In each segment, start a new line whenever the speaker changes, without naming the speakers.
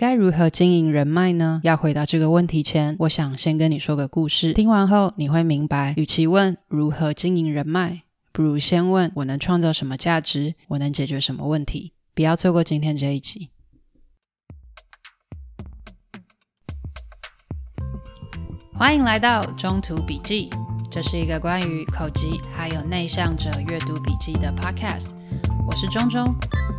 該如何經營人脈呢？要回答這個問題前，我想先跟你說個故事。聽完後，你會明白，與其問如何經營人脈，不如先問我能創造什麼價值，我能解決什麼問題。不要錯過今天這一集。歡迎來到中途筆記，這是一個關於口吃還有內向者閱讀筆記的 podcast。我是中中。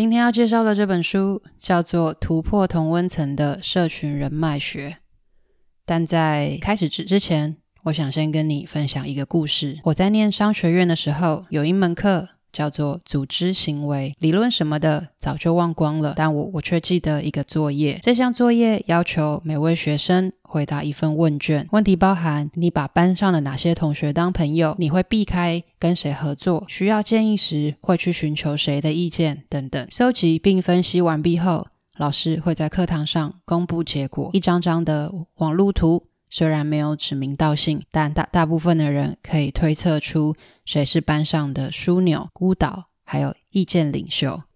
今天要介紹的這本書叫做《突破同溫層的社群人脈學》，但在開始之之前，我想先跟你分享一個故事。我在念商學院的時候，有一門課叫做組織行為，理論什麼的，早就忘光了，但我我卻記得一個作業。這項作業要求每位學生回答一份問卷，問題包含你把班上的哪些同學當朋友，你會避開跟誰合作，需要建議時會去尋求誰的意見等等。搜集並分析完畢後，老師會在課堂上公布結果。一張張的網路圖，雖然沒有指名道姓，但大大部分的人可以推測出誰是班上的樞紐、孤島，還有意見領袖。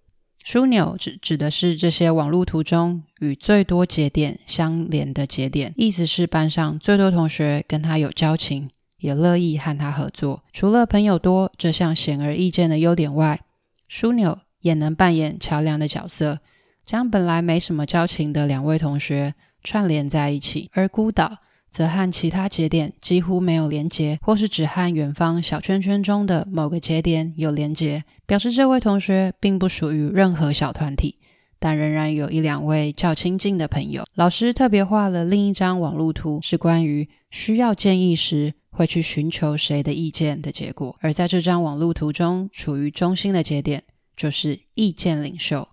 樞紐指指的是這些網路圖中與最多節點相連的節點，意思是班上最多同學跟他有交情，也樂意和他合作。除了朋友多這項顯而易見的優點外，樞紐也能扮演橋梁的角色，將本來沒什麼交情的兩位同學串聯在一起。而孤島。則和其他節點幾乎沒有連接，或是只和遠方小圈圈中的某個節點有連接，表示這位同學並不屬於任何小團體，但仍然有一兩位較親近的朋友。老師特別畫了另一張網路圖，是關於需要建議時會去尋求誰的意見的結果。而在這張網路圖中，處於中心的節點就是意見領袖。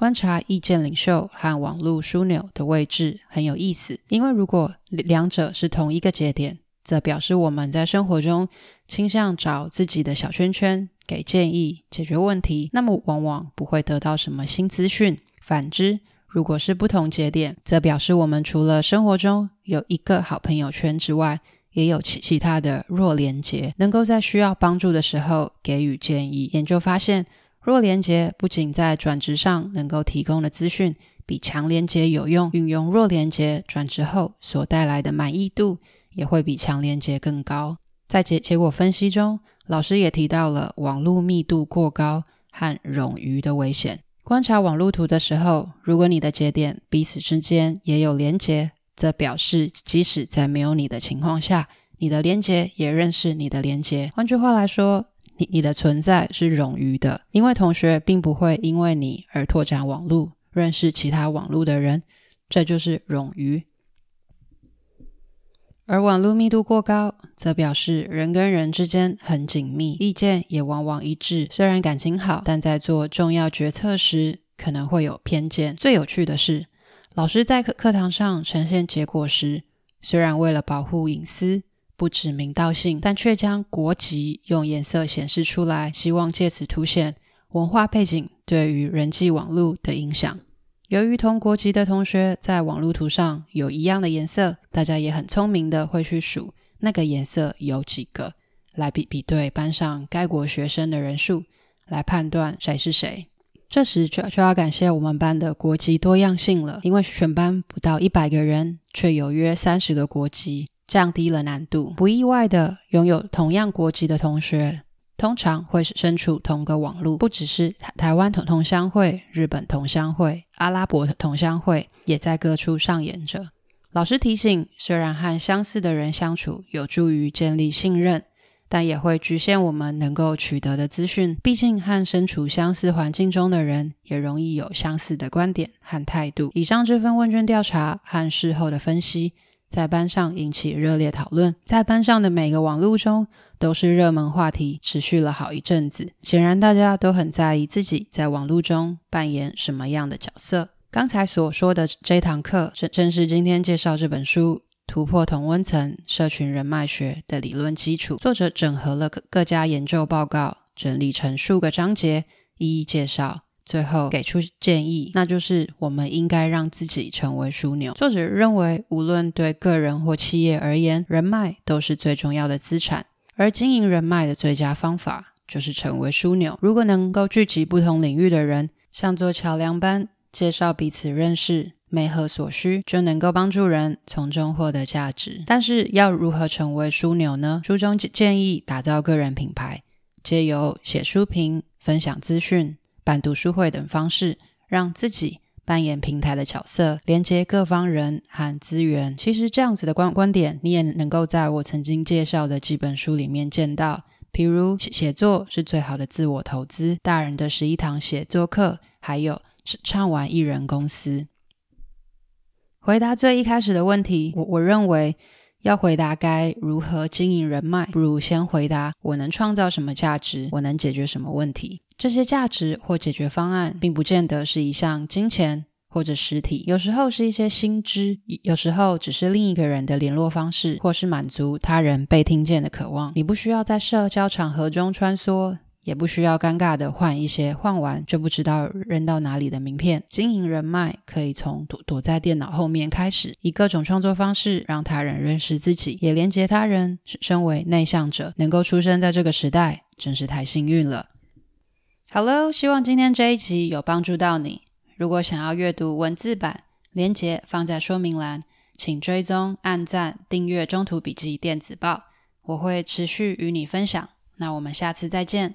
觀察意見領袖和網絡樞紐的位置很有意思，因為如果兩者是同一個節點，則表示我們在生活中傾向找自己的小圈圈，給建議、解決問題，那麼往往不會得到什麼新資訊。反之，如果是不同節點，則表示我們除了生活中有一個好朋友圈之外，也有其其他的弱連結，能夠在需要幫助的時候給予建議。研究發現。弱連接不僅在轉職上能夠提供的資訊比強連接有用，運用弱連接轉職後所帶來的滿意度也會比強連接更高。在結結果分析中，老師也提到了網路密度過高和冗餘的危險。觀察網路圖的時候，如果你的節點彼此之間也有連接，則表示即使在沒有你的情況下，你的連接也認識你的連接。換句話來說，你的存在是冗餘的，因為同學並不會因為你而拓展網絡，認識其他網絡的人，這就是冗餘。而網絡密度過高，則表示人跟人之間很緊密，意見也往往一致，雖然感情好，但在做重要決策時可能會有偏見。最有趣的是，老師在課課堂上呈現結果時，雖然為了保護隱私，不指名道姓，但卻將國籍用顏色顯示出來，希望借此凸顯文化背景對於人際網絡的影響。由於同國籍的同學在網絡圖上有一樣的顏色，大家也很聰明地會去數那個顏色有幾個，來比比對班上該國學生的人數，來判斷誰是誰。這時就就要感謝我們班的國籍多樣性了，因為全班不到一百個人，卻有約三十個國籍。降低了難度，不意外的，擁有同樣國籍的同學通常會是身處同個網絡。不只是台台灣同，同鄉會、日本同鄉會、阿拉伯同鄉會，也在各處上演着。老師提醒：雖然和相似的人相處有助於建立信任，但也會局限我們能夠取得的資訊。畢竟和身處相似環境中的人，也容易有相似的觀點和態度。以上這份問卷調查和事後的分析，在班上引起熱烈討論，在班上的每個網絡中都是熱門話題，持續了好一陣子。顯然，大家都很在意自己在網絡中扮演什麼樣的角色。剛才所說的這堂課，正正是今天介紹這本書《突破同溫層：社群人脈學》的理論基礎。作者整合了各家研究報告，整理成數個章節，一一介紹。最後給出建議，那就是我們應該讓自己成為樞紐。作者認為，無論對個人或企業而言，人脈都是最重要的資產。而經營人脈的最佳方法就是成為樞紐。如果能夠聚集不同領域的人，像座橋樑般介紹彼此認識，媒合所需，就能夠幫助人從中獲得價值。但是，要如何成為樞紐呢？書中建議打造個人品牌，借由寫書評、分享資訊。辦讀書會等方式，讓自己扮演平台的角色，連接各方人和資源。其實這樣子的觀觀點，你也能夠在我曾經介紹的幾本書裡面見到，譬如寫作是最好的自我投資，《大人的十一堂寫作課》，還有唱完藝人公司。回答最一開始的問題，我我認為，要回答該如何經營人脈，不如先回答我能創造什麼價值，我能解決什麼問題。這些價值或解決方案，並不見得是一項金錢或者實體，有時候是一些新知，有時候只是另一個人的聯絡方式，或是滿足他人被聽見的渴望。你不需要在社交場合中穿梭。也不需要尷尬地換一些換完就不知道扔到哪裡的名片。經營人脈可以從躲躲在電腦後面開始，以各種創作方式讓他人認識自己，也連接他人。身為內向者，能夠出生在這個時代真是太幸運了。Hello，希望今天這一集有幫助到你。如果想要閱讀文字版，連接放在說明欄，請追蹤、按讚、訂閱《中途筆記電子報》，我會持續與你分享。那我們下次再見。